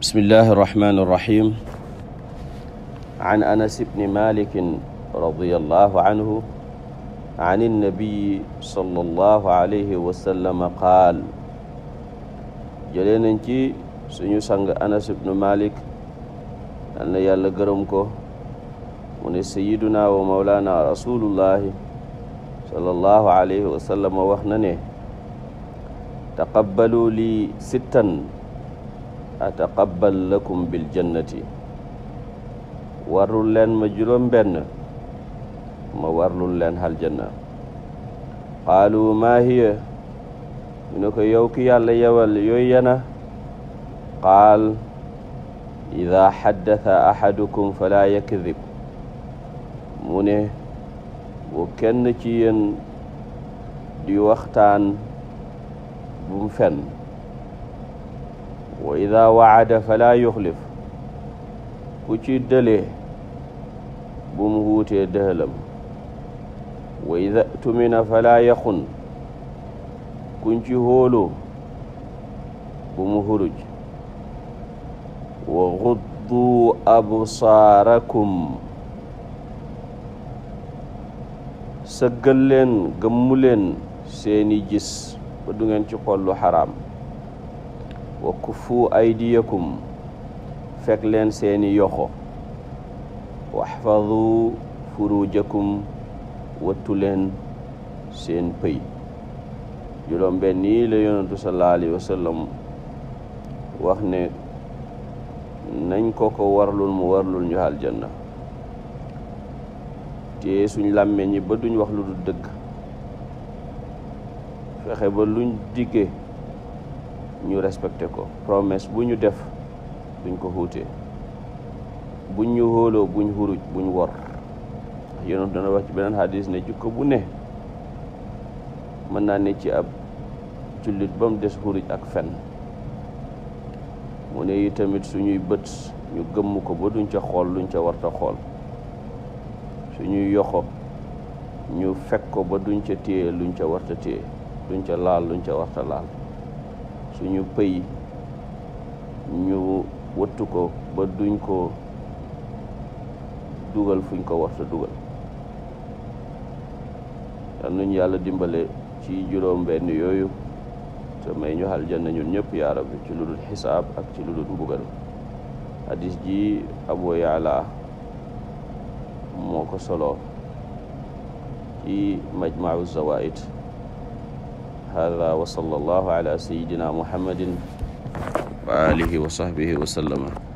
bismillahi irrahmani irrahim an anas bni malikin radiallahu anhu an ilnabiyi sala allahu alayhi wasallama qaal jëlee nañ ci suñu sang anas bnu malik yal na yàlla gërëm ko mu ne sayiduna wa mawlaana rasulullahi sala allahu alayhi wasallama wax na ne taqabbalu li sittan ataqabbal lakum bil jannati warlul leen ma juróom benn ma warlul leen aljanna qaalu maa hiya ñu ne ko yow ki yàlla yewal yooyu yana qaal ida xaddatha ahadukum fala yakdib mu ne bu kenn ci yéen di waxtaan bu mu fenn wa ida waada fala yuxlif ku ci dëlee bu mu wuutee dëhalam wa ida tumina fala yaxun kuñ ci hóoloo bu mu huruj wa guddu absaarakum sëggal leen gëmmu leen seeni gis ba du ngeen ci xollu xaraam wa kufu aydiyakum fekk leen seeni yoxo waxfadu furujakum wattu leen seen pëy juróom benn yi la yonentu sallallahu alayhi wax ne nañ ko ko warlul mu warlul ñu aljanna te suñ làmmee ñi ba duñ wax lu dul dëgg fexe ba luñ diggee ñu respecté ko promesse bu ñu def buñ ko xuutee buñ ñu hóoloo buñ xuruj buñ wor yonent dana wax ci beneen hadis ne jikko bu ne mën naa ne ci ab jullit ba mu des xuruj ak fen mu ne yi tamit suñuy bët ñu gëmm ko ba duñ ca xool luñ ca warta xool ñuy yoxo ñu fekk ko ba duñ ca téye luñ ca warta téye duñ ca laal luñ ca warta laal ñu pays ñu wëttu ko ba duñ ko dugal fuñ ko warta dugal yal nañu yàlla dimbale ci juróom benn yooyu te may ñu aljanna ñun ñëpp yaa rabbi ci lu dul xisaab ak ci lu dul mbugal hadis ji Abu Yaala moo ko solo ci majmau zawaid hada wa sallallahu ala sayyidina muhammadin wa alihi wa sahbihi wa sallama